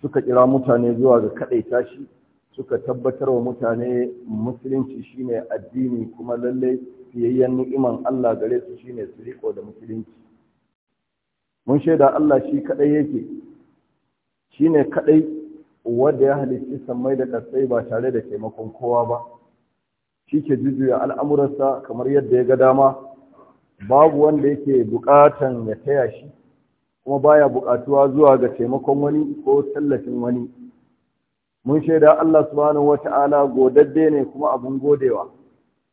suka kira mutane zuwa ga kaɗaita shi suka tabbatar wa mutane musulunci shine addini kuma lallai fiyayyen ni'iman Allah gare su shine su riko da musulunci mun shaida Allah shi kadai yake shine kadai wanda ya halicci sammai da kasai ba tare da taimakon kowa ba shi ke jujuya al'amuransa kamar yadda ya ga dama babu wanda yake buƙatan ya taya shi kuma baya buƙatuwa zuwa ga taimakon wani ko tallafin wani mun shaida Allah subhanahu wata'ala godadde ne kuma abin godewa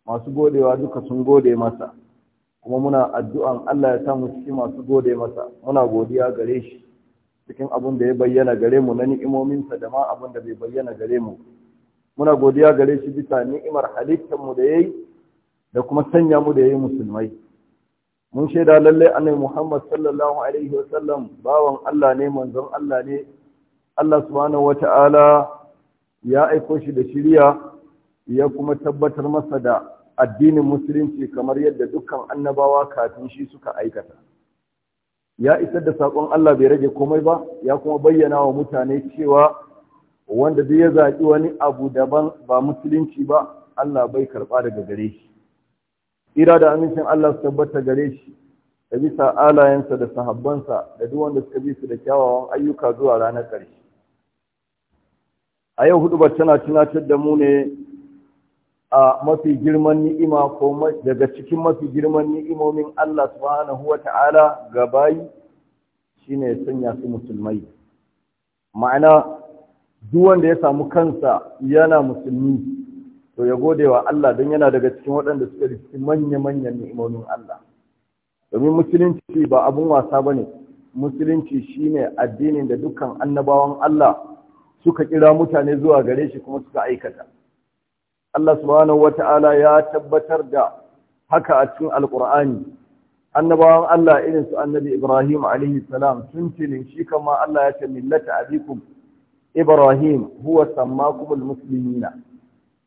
masu godewa duka sun gode masa kuma muna addu'an Allah ya samu cikin masu gode masa muna godiya gare shi cikin abin da ya bayyana gare mu na ni'imomin sa da ma abin da bai bayyana gare mu muna godiya gare shi bisa ni'imar halittar mu da yayi da kuma sanya mu da yayi musulmai mun shaida lallai annabi Muhammad sallallahu alaihi wasallam bawan Allah ne manzon Allah ne Allah subhanahu Ta'ala ya aiko shi da shiriya ya kuma tabbatar masa da addinin musulunci kamar yadda dukkan annabawa kafin shi suka aikata ya isar da sakon Allah bai rage komai ba ya kuma bayyana wa mutane cewa wanda zai ya zaƙi wani abu daban ba musulunci ba Allah bai karɓa daga gare shi tsira da amincin Allah su tabbata gare shi da bisa alayensa da sahabbansa da duk wanda suka bi su da kyawawan ayyuka zuwa ranar ƙarshe a yau hudu ba tana tunatar da mu ne a mafi girman ni'ima ko daga cikin mafi girman ni'imomin Allah subhanahu wa ta'ala ga bayi shine sanya su musulmai ma'ana duk wanda ya samu kansa yana musulmi to ya gode wa Allah don yana daga cikin waɗanda suka rikici manya-manyan ni'imomin Allah domin musulunci ba abun wasa ba ne musulunci shine addinin da dukkan annabawan Allah suka kira mutane zuwa gare shi kuma suka aikata Allah subhanahu wata'ala ya tabbatar da haka a cikin alkur'ani annabawan Allah irin su annabi Ibrahim alaihi salam sun tilin shi kama Allah ya ce millata abikum Ibrahim huwa sammakumul muslimina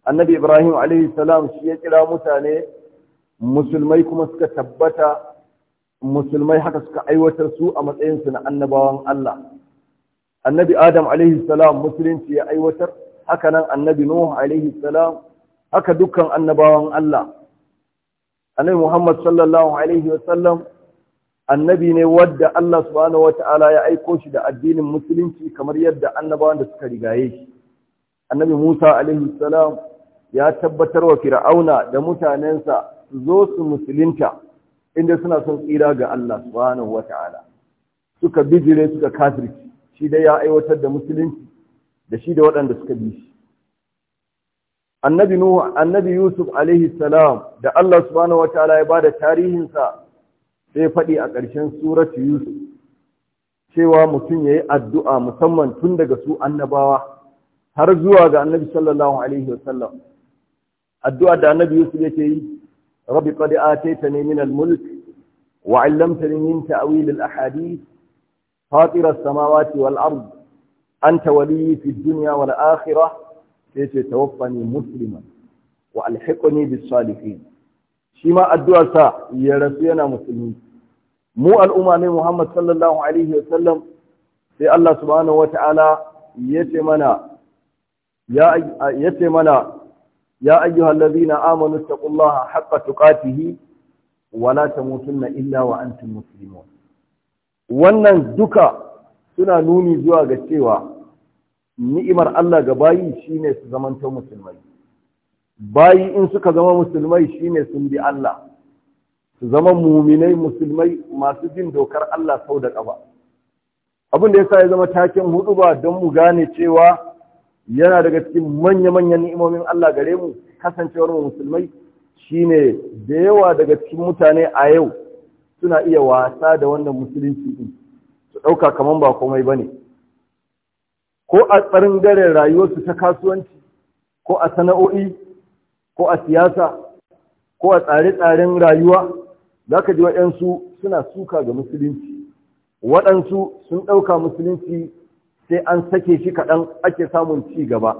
annabi ibrahim alaihi salam shi ya kira mutane musulmai kuma suka tabbata musulmai haka suka aiwatar su a matsayinsu na annabawan Allah annabi adam alaihi salam musulunci ya aiwatar haka nan annabi nuhu alaihi salam haka dukkan annabawan Allah annabi muhammad sallallahu alaihi wasallam annabi ne wadda Allah subhanahu wata'ala ya aiko shi da addinin musulunci kamar yadda annabawan da suka rigaye shi annabi Musa alaihi salam ya tabbatar wa fir'auna da mutanensa su zo su musulunta inda suna son tsira ga Allah subhanahu wata'ala suka bijire suka kafirci shi dai ya aiwatar da musulunci da shi da waɗanda suka bi shi annabi nuhu annabi yusuf alaihi salam da Allah subhanahu wata'ala ya bada sa sai faɗi a ƙarshen suratu yusuf cewa mutum yayi addu'a musamman tun daga su annabawa har zuwa ga annabi sallallahu alaihi wasallam addu'a da annabi yusuf yake yi rabbi qad ta min al-mulk wa 'allamtani min ta'wil al-ahadith samawa as-samawati wal-ard anta waliyyi fi ad-dunya wal-akhirah yace tawaffani musulma wa alhiqni bis-salihin shi ma addu'ar sa ya rasu yana musulmi mu al'umma ne Muhammad sallallahu alaihi wa sallam sai Allah subhanahu wa ta'ala mana ya yace mana يا أيها الذين آمنوا اتقوا الله حق تقاته ولا تموتن إلا وأنتم مسلمون wannan duka suna nuni zuwa ga cewa ni'imar Allah ga bayi shine su zamanto musulmai bayi in suka zama musulmai shine sun bi Allah su zama muminai musulmai masu jin dokar Allah sau da ƙafa abin da yasa ya zama taken hudu ba don mu gane cewa yana daga cikin manya-manyan ni'imomin Allah gare mu kasancewar mu musulmai shine da yawa daga cikin mutane a yau suna iya wasa da wannan musulunci din su ɗauka kamar ba komai bane ko a tsarin gare rayuwarsu ta kasuwanci ko a sana'o'i ko a siyasa ko a tsare-tsaren rayuwa za ka ji waɗansu suna suka ga musulunci waɗansu sun ɗauka musulunci sai an sake shi kaɗan ake samun ci gaba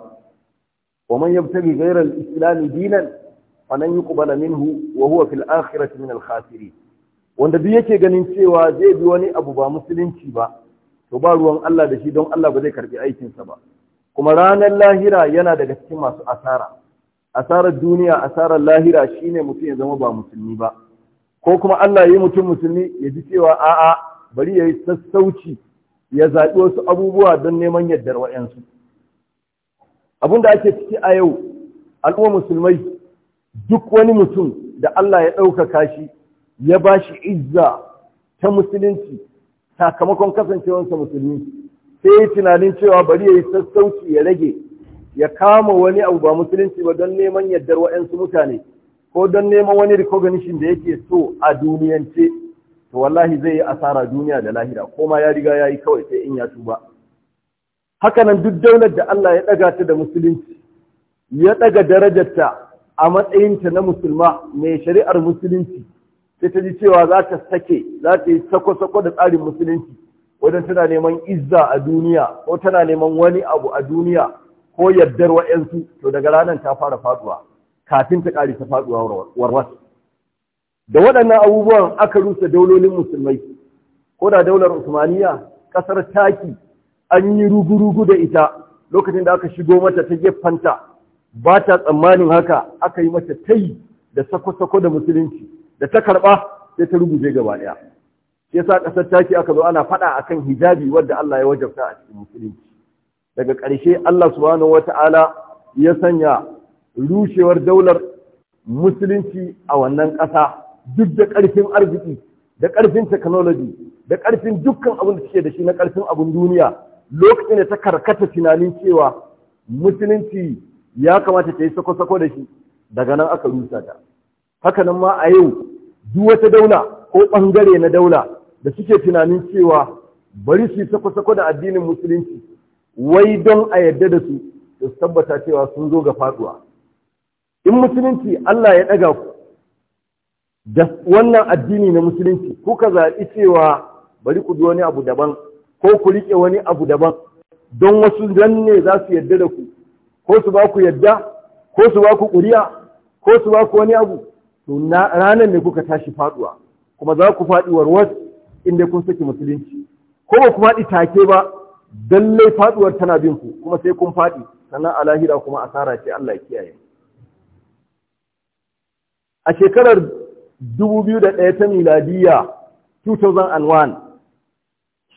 wa man yabtaghi ghayra al-islam dinan yi yuqbala minhu wa huwa fil akhirati min al wanda duk yake ganin cewa zai bi wani abu ba musulunci ba to ba ruwan Allah da shi don Allah ba zai karbi aikinsa ba kuma ranar lahira yana daga cikin masu asara asarar duniya asarar lahira shine mutum ya zama ba musulmi ba ko kuma Allah ya yi mutum musulmi ya ji cewa a'a bari ya yi sassauci ya zaɓi wasu abubuwa don neman yardar wa'yansu abin da ake ciki a yau al'umma musulmai duk wani mutum da Allah ya ɗaukaka shi ya ba shi izza ta musulunci sakamakon kasancewarsa musulmi sai ya tunanin cewa bari ya yi sassauci ya rage ya kama wani abu ba musulunci ba don neman yardar wa'yansu mutane ko don neman wani recognition da yake so a duniyance to wallahi zai yi asara duniya da lahira ko ma ya riga ya yi kawai sai in ya tuba hakanan duk daular da Allah ya ɗaga ta da musulunci ya ɗaga darajarta a matsayinta na musulma mai shari'ar musulunci sai ta ji cewa za ta sake za ta yi sako-sako da tsarin musulunci wajen tana neman izza a duniya ko tana neman wani abu a duniya ko yardar wa'yansu to daga ranar ta fara faduwa kafin ta kare ta faduwa warwasa da waɗannan abubuwan aka rusa daulolin musulmai ko da daular usmaniya ƙasar taki an yi rugurugu da ita lokacin da aka shigo mata ta gefanta ba ta tsammanin haka aka yi mata tayi da sako-sako da musulunci da ta karɓa sai ta rubuce gaba ɗaya shi yasa ƙasar taki aka zo ana faɗa akan hijabi wanda Allah ya wajabta a cikin musulunci daga ƙarshe Allah subhanahu wata'ala ya sanya rushewar daular musulunci a wannan ƙasa duk da ƙarfin arziki da ƙarfin technology da ƙarfin dukkan abin da suke da shi na ƙarfin abin duniya lokacin da ta karkata tunanin cewa musulunci ya kamata ta yi sako-sako da shi daga nan aka rusa ta haka nan ma a yau duk wata daula ko ɓangare na daula da suke tunanin cewa bari su yi sako-sako da addinin musulunci wai don a yarda da su su tabbata cewa sun zo ga faɗuwa. in musulunci Allah ya ɗaga ku da wannan addini na musulunci kuka zaɓi cewa bari ku bi wani abu daban ko ku riƙe wani abu daban don wasu zanne ne za su yarda da ku ko su ba ku yarda ko su ba ku ƙuri'a ko su ba ku wani abu to ranar ne kuka tashi faɗuwa kuma za ku faɗi warwas inda kun saki musulunci ko ba ku faɗi take ba lallai faɗuwar tana bin ku kuma sai kun faɗi sannan a lahira kuma asara ce Allah ya kiyaye a shekarar 2001 ta miladiya 2001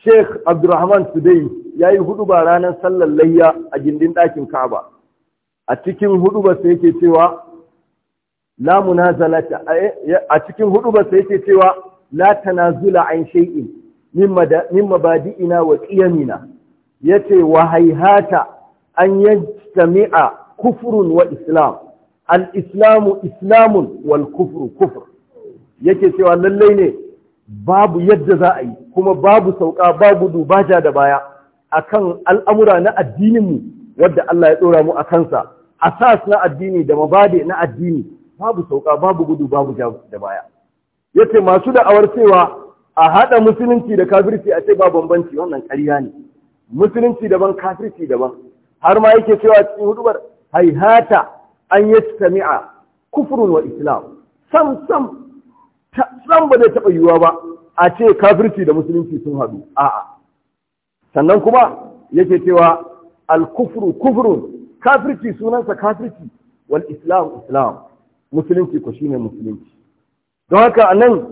sheikh abdurrahman sudai ya yi huduba ranar sallar layya a gindin ɗakin kaba a cikin sai yake cewa la munazalata a eh, cikin sai yake cewa la tanazula an shay'in min mabadi'ina wa qiyamina yace wa haihata an yajtami'a kufrun wa islam al islamu islamun wal kufru kufur. yake cewa lallai ne babu yadda za a yi kuma babu sauka babu dubaja da baya akan al'amura na addininmu wadda Allah ya dora mu a kansa asas na addini da mabade na addini babu sauka babu gudu babu da baya yace masu da'awar cewa a haɗa musulunci da kafirci a ce ba bambanci wannan ƙarya ne musulunci daban kafirci daban har ma yake cewa cikin hudubar haihata an yi sami'a kufurun wa islam sam sam san ba zai taɓa yiwuwa ba a ce kafirci da musulunci sun haɗu a'a sannan kuma yake cewa alkufru kufrun kafirci sunansa kafirci wal islam islam musulunci ko shine musulunci don haka anan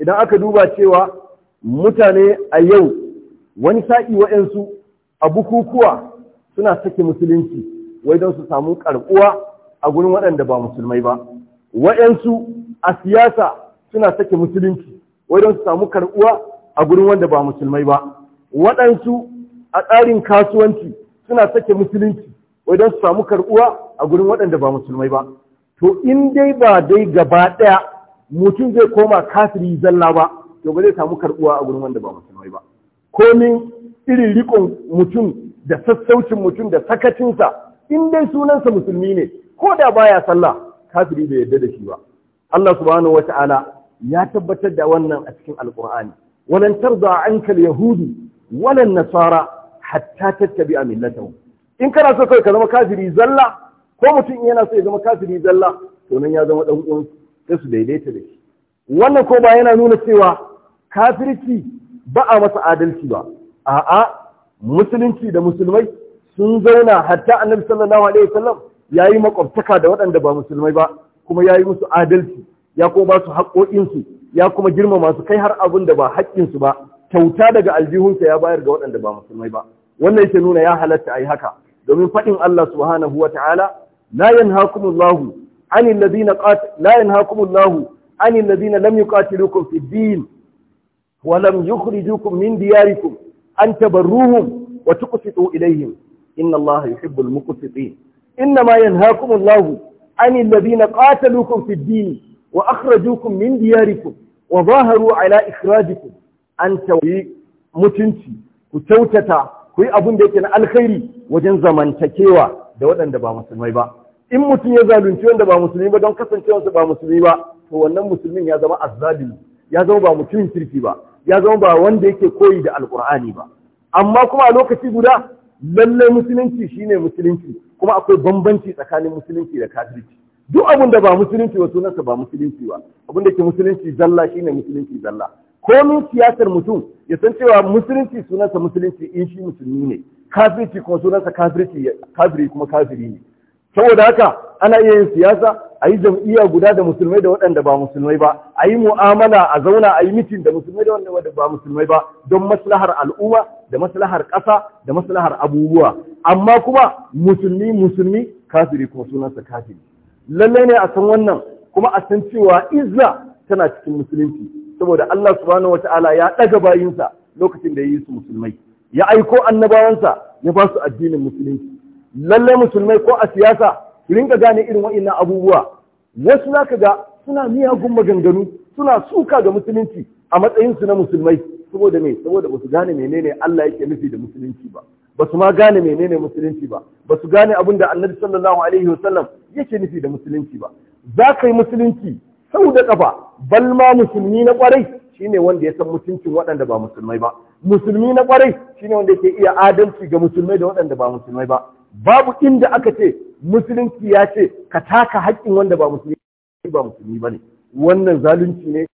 idan aka duba cewa mutane a yau wani sa'i wa'yansu a bukukuwa suna sake musulunci wai don su samu karɓuwa a gurin waɗanda ba musulmai ba wa'yansu a siyasa suna sake musulunci wai don su samu karɓuwa a gurin wanda ba musulmai ba waɗansu a tsarin kasuwanci suna sake musulunci wai don su samu karɓuwa a gurin waɗanda ba musulmai ba to in dai ba dai gaba ɗaya mutum zai koma kafiri zalla ba to ba zai samu karɓuwa a gurin wanda ba musulmai ba komin irin rikon mutum da sassaucin mutum da sakacinsa in dai sunansa musulmi ne ko da baya sallah kafiri bai yarda da shi ba Allah subhanahu ta'ala. ya tabbatar da wannan a cikin alkur'ani walan tarda anka yahudu walan nasara hatta a millatahum in kana so kai ka zama kafiri zalla ko mutum in yana so ya zama kafiri zalla to nan ya zama dan uwan sai su daidaita da shi wannan ko ba yana nuna cewa kafirci ba a masa adalci ba a'a musulunci da musulmai sun zauna hatta annabi sallallahu alaihi wasallam yayi makwabtaka da waɗanda ba musulmai ba kuma yayi musu adalci ya kuma ba su haƙoƙinsu ya kuma girmama su kai har abin da ba haƙƙinsu ba kyauta daga aljihunsa ya bayar ga waɗanda ba musulmai ba wannan yake nuna ya halatta ayi haka domin faɗin Allah subhanahu wa ta'ala la yanhakumullahu anil ladina qat la yanhakumullahu anil ladina lam yuqatilukum fid din wa lam yukhrijukum min diyarikum an tabarruhum wa tuqsitu ilayhim inna Allah yuhibbul muqsitin inma yanhakumullahu anil ladina qatalukum fid din wa akhrajukum min diyarikum wa zaharu ala ikhrajikum an tawi mutunci ku kyautata ku yi abin da yake na alkhairi wajen zamantakewa da waɗanda ba musulmai ba in mutum ya zalunci wanda ba musulmi ba don kasancewarsa ba musulmi ba to wannan musulmin ya zama azzalimi ya zama ba mutumin kirki ba ya zama ba wanda yake koyi da alkur'ani ba amma kuma a lokaci guda lallai musulunci shine musulunci kuma akwai bambanci tsakanin musulunci da kafirci duk abin da ba musulunci ba sunansa ba musulunci ba abin da ke musulunci zalla shine musulunci zalla komin siyasar mutum ya san cewa musulunci sunansa musulunci in shi musulmi ne kafirci kuma sunansa kafirci kafiri kuma kafiri ne saboda haka ana iya yin siyasa a yi jam'iyya guda da musulmai da waɗanda ba musulmai ba a yi mu'amala a zauna a yi mitin da musulmai da waɗanda ba musulmai ba don maslahar al'umma da maslahar ƙasa da maslahar abubuwa amma kuma musulmi musulmi kafiri kuma sunansa kafiri lallai ne a san wannan kuma a san cewa izza tana cikin musulunci saboda Allah subhanahu wataala ya daga bayinsa lokacin da ya yi su musulmai ya aiko annabawansa ya ba su addinin musulunci lallai musulmai ko a siyasa su rinka gane irin wa'annan abubuwa wasu zaka ga suna miyagun maganganu suna suka ga musulunci a matsayinsu na musulmai saboda me saboda ba su gane menene Allah yake nufi da musulunci ba ba su ma gane menene musulunci ba ba su gane abin da annabi sallallahu alaihi wasallam yake nufi da musulunci ba za ka yi musulunci sau da ƙafa balma musulmi na ƙwarai shine wanda ya san mutuncin waɗanda ba musulmai ba musulmi na ƙwarai shine wanda yake iya adalci ga musulmai da waɗanda ba musulmai ba babu inda aka ce musulunci ya ce ka taka haƙƙin wanda ba musulmi ba musulmi ba ne wannan zalunci ne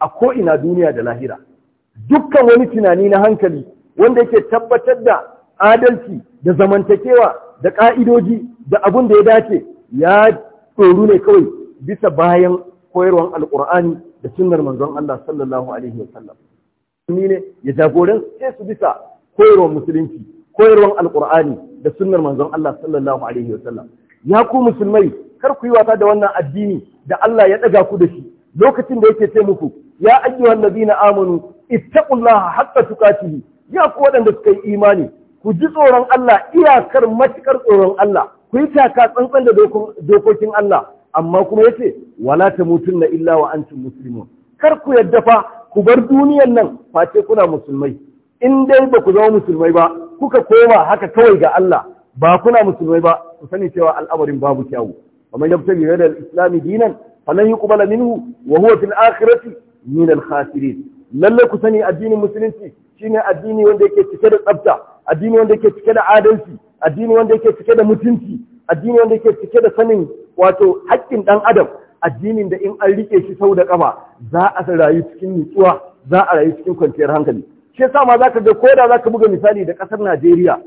a ko'ina duniya da lahira dukkan wani tunani na hankali wanda yake tabbatar da adalci da zamantakewa da ƙa'idoji da abin da ya dace ya tsoro ne kawai bisa bayan koyarwan alƙur'ani da sunnar manzon Allah sallallahu alaihi wasallam Sunni ne ya jagoran sai su bisa koyarwan musulunci koyarwan alƙur'ani da sunnar manzon Allah sallallahu alaihi wasallam ya ku musulmai kar ku yi wata da wannan addini da Allah ya ɗaga ku da shi lokacin da yake ce muku ya ayyuhan na amanu ittaƙullaha haƙƙa tukatihi, ya ku waɗanda suka yi imani ku ji tsoron Allah iyakar matukar tsoron Allah ku yi taka tsantsan da dokokin Allah amma kuma yace wala na illa wa antum muslimun kar ku yadda fa ku bar duniyar nan face kuna musulmai in dai ba ku zama musulmai ba kuka koma haka kawai ga Allah ba kuna musulmai ba ku sani cewa al'amarin babu kyawu ومن يبتغي غير الاسلام دينا فلن يقبل منه وهو في الاخره من الخاسرين lalle ku sani addinin musulunci shine addini wanda yake cike da tsafta addini wanda yake cike da adalci addini wanda yake cike da mutunci addini wanda yake cike da sanin wato haƙƙin ɗan adam addinin da in an rike shi sau da ƙafa za a rayu cikin nutsuwa za a rayu cikin kwanciyar hankali shi yasa ma zaka ga koda da zaka buga misali da ƙasar Najeriya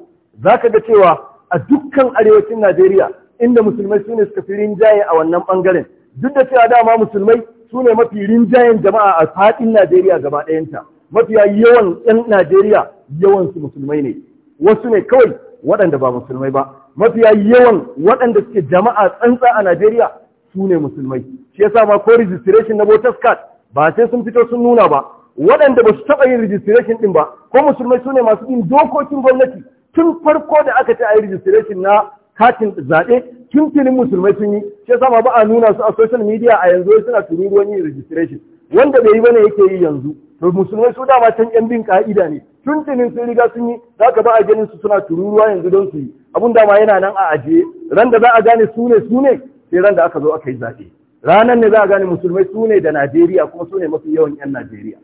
zaka ga cewa a dukkan arewacin Najeriya inda musulmai sune suka fi rinjaye a wannan bangaren duk da cewa dama musulmai sune mafi rinjayen jama'a a faɗin Najeriya gaba ɗayanta mafiya yawan 'yan Najeriya yawan su musulmai ne wasu ne kawai waɗanda ba musulmai ba mafiya yawan waɗanda suke jama'a tsantsa a Najeriya su ne musulmai shi yasa ma ko registration na voters card ba sai sun fito sun nuna ba waɗanda ba su taɓa yin registration ɗin ba ko musulmai su ne masu yin dokokin gwamnati tun farko da aka ce a yi registration na katin zaɓe tun filin musulmai sun yi shi yasa ba a nuna su a social media a yanzu suna tururuwan yin registration wanda bai yi bane yake yi yanzu to musulmai su dama can yan bin ƙa'ida ne tuntunin sun riga sun yi za ka ba a ganin su suna tururuwa yanzu don su yi abun dama yana nan a ajiye ran da za a gane su ne su ne sai ran da aka zo aka yi zaɓe ranar ne za a gane musulmai su ne da najeriya kuma su ne mafi yawan 'yan najeriya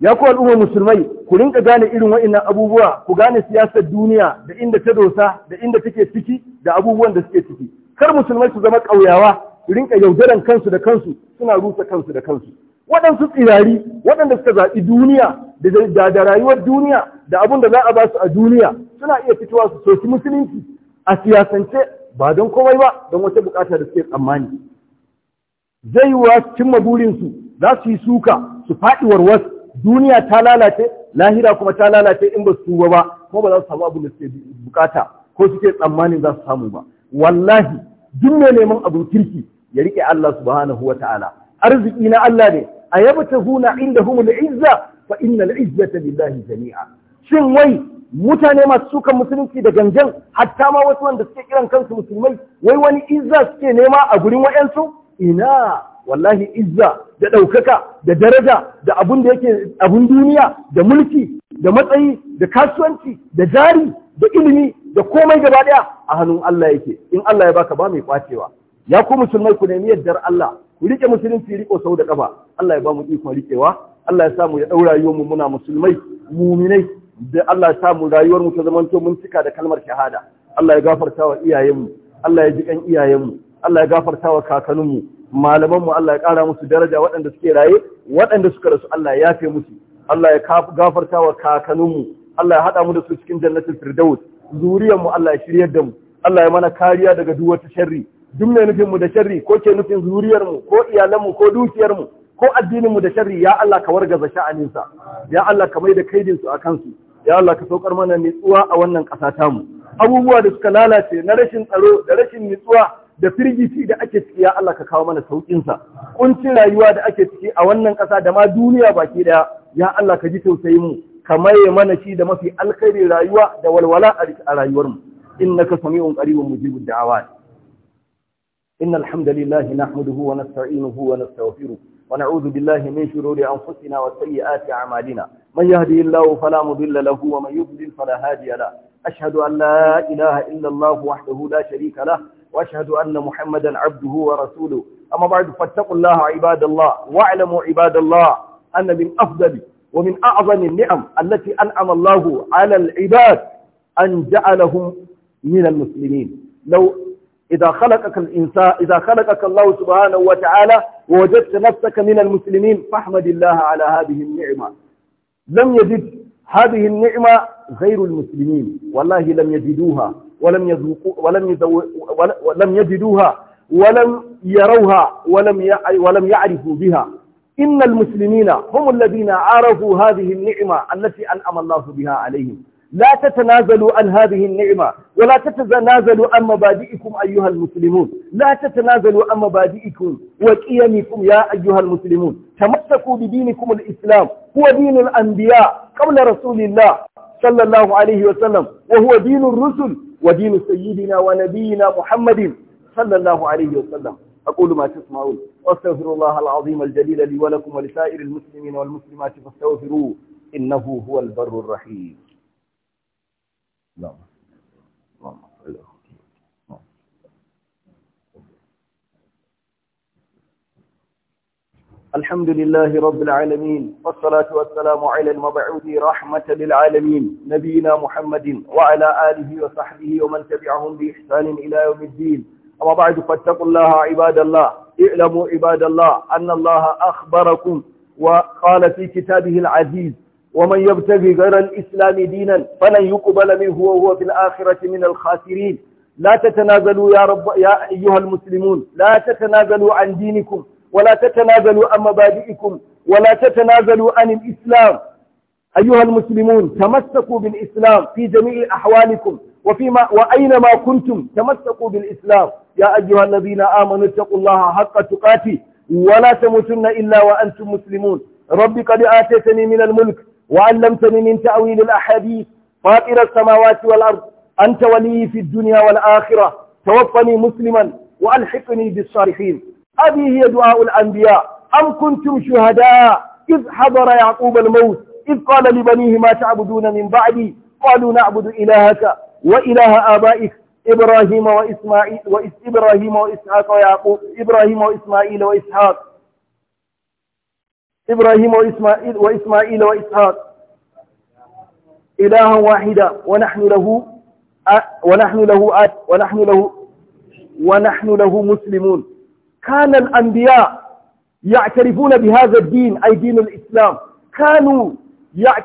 ya ku al'ummar musulmai ku rinka gane irin wa'annan abubuwa ku gane siyasar duniya da inda ta dosa da inda take ciki da abubuwan da suke ciki kar musulmai su zama ƙauyawa ku rinka yaudaran kansu da kansu suna rusa kansu da kansu waɗansu tsirari waɗanda suka zaɓi duniya da da rayuwar duniya da abin da za a ba su a duniya suna iya fitowa su soki musulunci a siyasance ba don komai ba don wata bukata da suke tsammani zai su cimma burinsu za su yi suka su faɗi warwas duniya ta lalace lahira kuma ta lalace in ba su tuba ba kuma ba za su samu abin da suke bukata ko suke tsammani za su samu ba wallahi duk mai neman abin kirki ya rike Allah subhanahu wa ta'ala arziki na Allah ne a ta huna inda humul izza fa innal izzata lillahi jami'a shin wai mutane masu sukan musulunci da gangan hatta ma wasu wanda suke kiran kansu musulmai wai wani izza suke nema a gurin wayansu ina wallahi izza da ɗaukaka da daraja da abun da yake abun duniya da mulki da matsayi da kasuwanci da jari da ilimi da komai gaba ɗaya a hannun Allah yake in Allah ya baka ba mai kwacewa ya ku musulmai ku nemi yardar Allah ku rike musulunci riko sau da kafa Allah ya ba mu ikon rikewa Allah ya samu ya daura rayuwar mu muna musulmai muminai da Allah ya samu rayuwar mu ta zamanto mun cika da kalmar shahada Allah ya gafarta wa iyayenmu Allah ya ji ƙan iyayenmu Allah ya gafarta wa kakanninmu malamanmu Allah ya ƙara musu daraja waɗanda suke raye waɗanda suka rasu Allah ya yafe musu Allah ya gafarta wa kakanninmu Allah ya haɗa mu da su cikin jannatin firdaus zuriyarmu Allah ya shiryar da mu Allah ya mana kariya daga duk wata sharri duk mai nufin mu da sharri ko ke nufin zuriyarmu ko iyalanmu ko dukiyarmu ko addinin mu da sharri ya Allah ka wargaza sha'anin sa ya Allah ka maida kaidin su akan su ya Allah ka saukar mana nitsuwa a wannan ƙasa ta mu abubuwa da suka lalace na rashin tsaro da rashin nitsuwa da firgici da ake ciki ya Allah ka kawo mana saukin sa kuncin rayuwa da ake ciki a wannan ƙasa da ma duniya baki ɗaya, ya Allah ka ji tausayin mu ka maye mana shi da mafi alkhairin rayuwa da walwala a rayuwar mu innaka sami'un qaribun mujibud da'awat إن الحمد لله نحمده ونستعينه ونستغفره ونعوذ بالله من شرور أنفسنا وسيئات أعمالنا من يهدي الله فلا مضل له ومن يضلل فلا هادي له أشهد أن لا إله إلا الله وحده لا شريك له وأشهد أن محمدا عبده ورسوله أما بعد فاتقوا الله عباد الله واعلموا عباد الله أن من أفضل ومن أعظم النعم التي أنعم الله على العباد أن جعلهم من المسلمين لو إذا خلقك الإنسان إذا خلقك الله سبحانه وتعالى ووجدت نفسك من المسلمين فاحمد الله على هذه النعمة لم يجد هذه النعمة غير المسلمين والله لم يجدوها ولم يذوقوا ولم يذو ولم يجدوها ولم يروها ولم ولم يعرفوا بها إن المسلمين هم الذين عرفوا هذه النعمة التي أنعم الله بها عليهم لا تتنازلوا عن هذه النعمة ولا تتنازلوا عن مبادئكم أيها المسلمون لا تتنازلوا عن مبادئكم وقيمكم يا أيها المسلمون تمسكوا بدينكم الإسلام هو دين الأنبياء قبل رسول الله صلى الله عليه وسلم وهو دين الرسل ودين سيدنا ونبينا محمد صلى الله عليه وسلم أقول ما تسمعون واستغفر الله العظيم الجليل لي ولكم ولسائر المسلمين والمسلمات فاستغفروه إنه هو البر الرحيم الحمد لله رب العالمين والصلاة والسلام على المبعوث رحمة للعالمين نبينا محمد وعلى آله وصحبه ومن تبعهم بإحسان إلى يوم الدين أما بعد فاتقوا الله عباد الله اعلموا عباد الله أن الله أخبركم وقال في كتابه العزيز ومن يبتغي غير الإسلام دينا فلن يقبل منه وهو في الآخرة من الخاسرين لا تتنازلوا يا رب يا أيها المسلمون لا تتنازلوا عن دينكم ولا تتنازلوا عن مبادئكم ولا تتنازلوا عن الإسلام أيها المسلمون تمسكوا بالإسلام في جميع أحوالكم وفيما وأينما كنتم تمسكوا بالإسلام يا أيها الذين آمنوا اتقوا الله حق تقاته ولا تموتن إلا وأنتم مسلمون ربي قد آتيتني من الملك وعلمتني من تأويل الأحاديث فاطر السماوات والأرض أنت ولي في الدنيا والآخرة توفني مسلما وألحقني بالصالحين هذه هي دعاء الأنبياء أم كنتم شهداء إذ حضر يعقوب الموت إذ قال لبنيه ما تعبدون من بعدي قالوا نعبد إلهك وإله آبائك إبراهيم وإسماعيل وإس إبراهيم وإسحاق ويعقوب إبراهيم وإسماعيل وإسحاق إبراهيم وإسماعيل, وإسماعيل وإسحاق إلها واحدا ونحن له ونحن له آت ونحن له ونحن له مسلمون كان الأنبياء يعترفون بهذا الدين أي دين الإسلام كانوا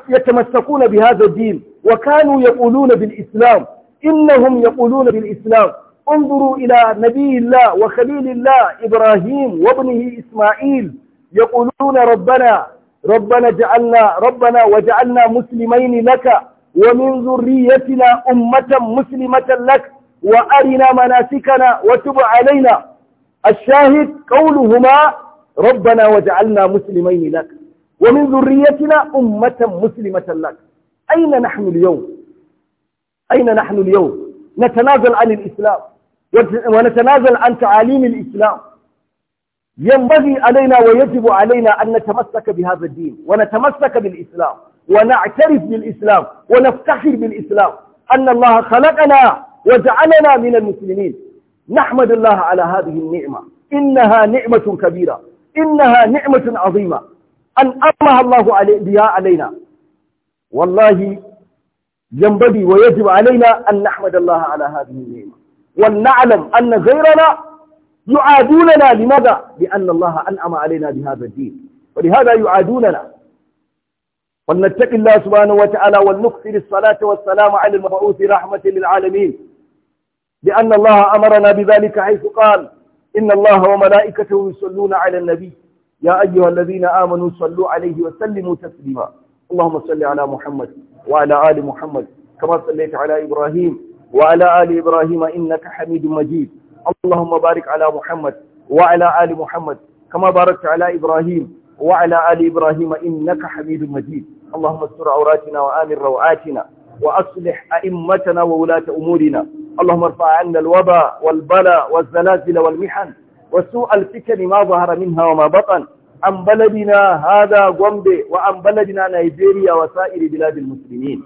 يتمسكون بهذا الدين وكانوا يقولون بالإسلام إنهم يقولون بالإسلام انظروا إلى نبي الله وخليل الله إبراهيم وابنه إسماعيل يقولون ربنا ربنا جعلنا ربنا وجعلنا مسلمين لك ومن ذريتنا أمة مسلمة لك وأرنا مناسكنا وتب علينا الشاهد قولهما ربنا وجعلنا مسلمين لك ومن ذريتنا أمة مسلمة لك أين نحن اليوم أين نحن اليوم نتنازل عن الإسلام ونتنازل عن تعاليم الإسلام ينبغي علينا ويجب علينا أن نتمسك بهذا الدين ونتمسك بالإسلام ونعترف بالإسلام ونفتخر بالإسلام أن الله خلقنا وجعلنا من المسلمين نحمد الله على هذه النعمة إنها نعمة كبيرة إنها نعمة عظيمة أن أمها الله علي بها علينا والله ينبغي ويجب علينا أن نحمد الله على هذه النعمة ولنعلم أن غيرنا يعادوننا لماذا؟ لأن الله أنعم علينا بهذا الدين ولهذا يعادوننا فلنتق الله سبحانه وتعالى ولنكثر الصلاة والسلام على المبعوث رحمة للعالمين لأن الله أمرنا بذلك حيث قال إن الله وملائكته يصلون على النبي يا أيها الذين آمنوا صلوا عليه وسلموا تسليما اللهم صل على محمد وعلى آل محمد كما صليت على إبراهيم وعلى آل إبراهيم إنك حميد مجيد اللهم بارك على محمد وعلى آل محمد كما باركت على إبراهيم وعلى آل إبراهيم إنك حميد مجيد اللهم استر عوراتنا وآمن روعاتنا وأصلح أئمتنا وولاة أمورنا اللهم ارفع عنا الوباء والبلاء والزلازل والمحن وسوء الفتن ما ظهر منها وما بطن عن بلدنا هذا غومبي وعن بلدنا نيجيريا وسائر بلاد المسلمين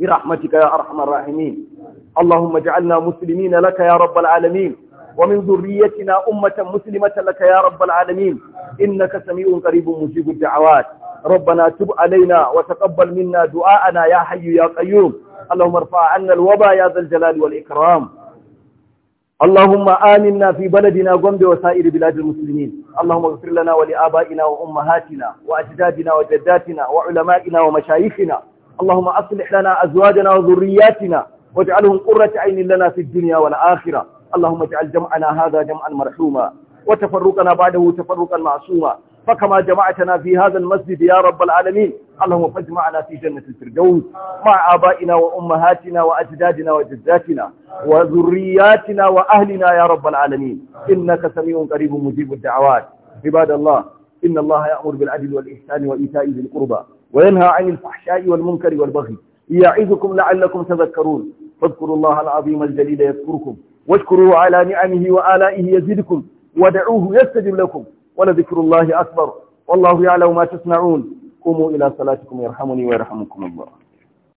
برحمتك يا أرحم الراحمين اللهم اجعلنا مسلمين لك يا رب العالمين ومن ذريتنا أمة مسلمة لك يا رب العالمين إنك سميع قريب مجيب الدعوات ربنا تب علينا وتقبل منا دعاءنا يا حي يا قيوم اللهم ارفع عنا الوبا يا ذا الجلال والإكرام اللهم آمنا في بلدنا غمد وسائر بلاد المسلمين اللهم اغفر لنا ولآبائنا وأمهاتنا وأجدادنا وجداتنا وعلمائنا ومشايخنا اللهم أصلح لنا أزواجنا وذرياتنا واجعلهم قرة عين لنا في الدنيا والآخرة اللهم اجعل جمعنا هذا جمعا مرحوما وتفرقنا بعده تفرقا معصوما فكما جمعتنا في هذا المسجد يا رب العالمين اللهم فاجمعنا في جنة الفردوس مع آبائنا وأمهاتنا وأجدادنا وجداتنا وذرياتنا وأهلنا يا رب العالمين إنك سميع قريب مجيب الدعوات عباد الله إن الله يأمر بالعدل والإحسان وإيتاء ذي القربى وينهى عن الفحشاء والمنكر والبغي يعظكم لعلكم تذكرون فاذكروا الله العظيم الجليل يذكركم واشكروه على نعمه وآلائه يزيدكم ودعوه يستجب لكم ولذكر الله أكبر والله يعلم ما تصنعون قوموا إلى صلاتكم يرحمني ويرحمكم الله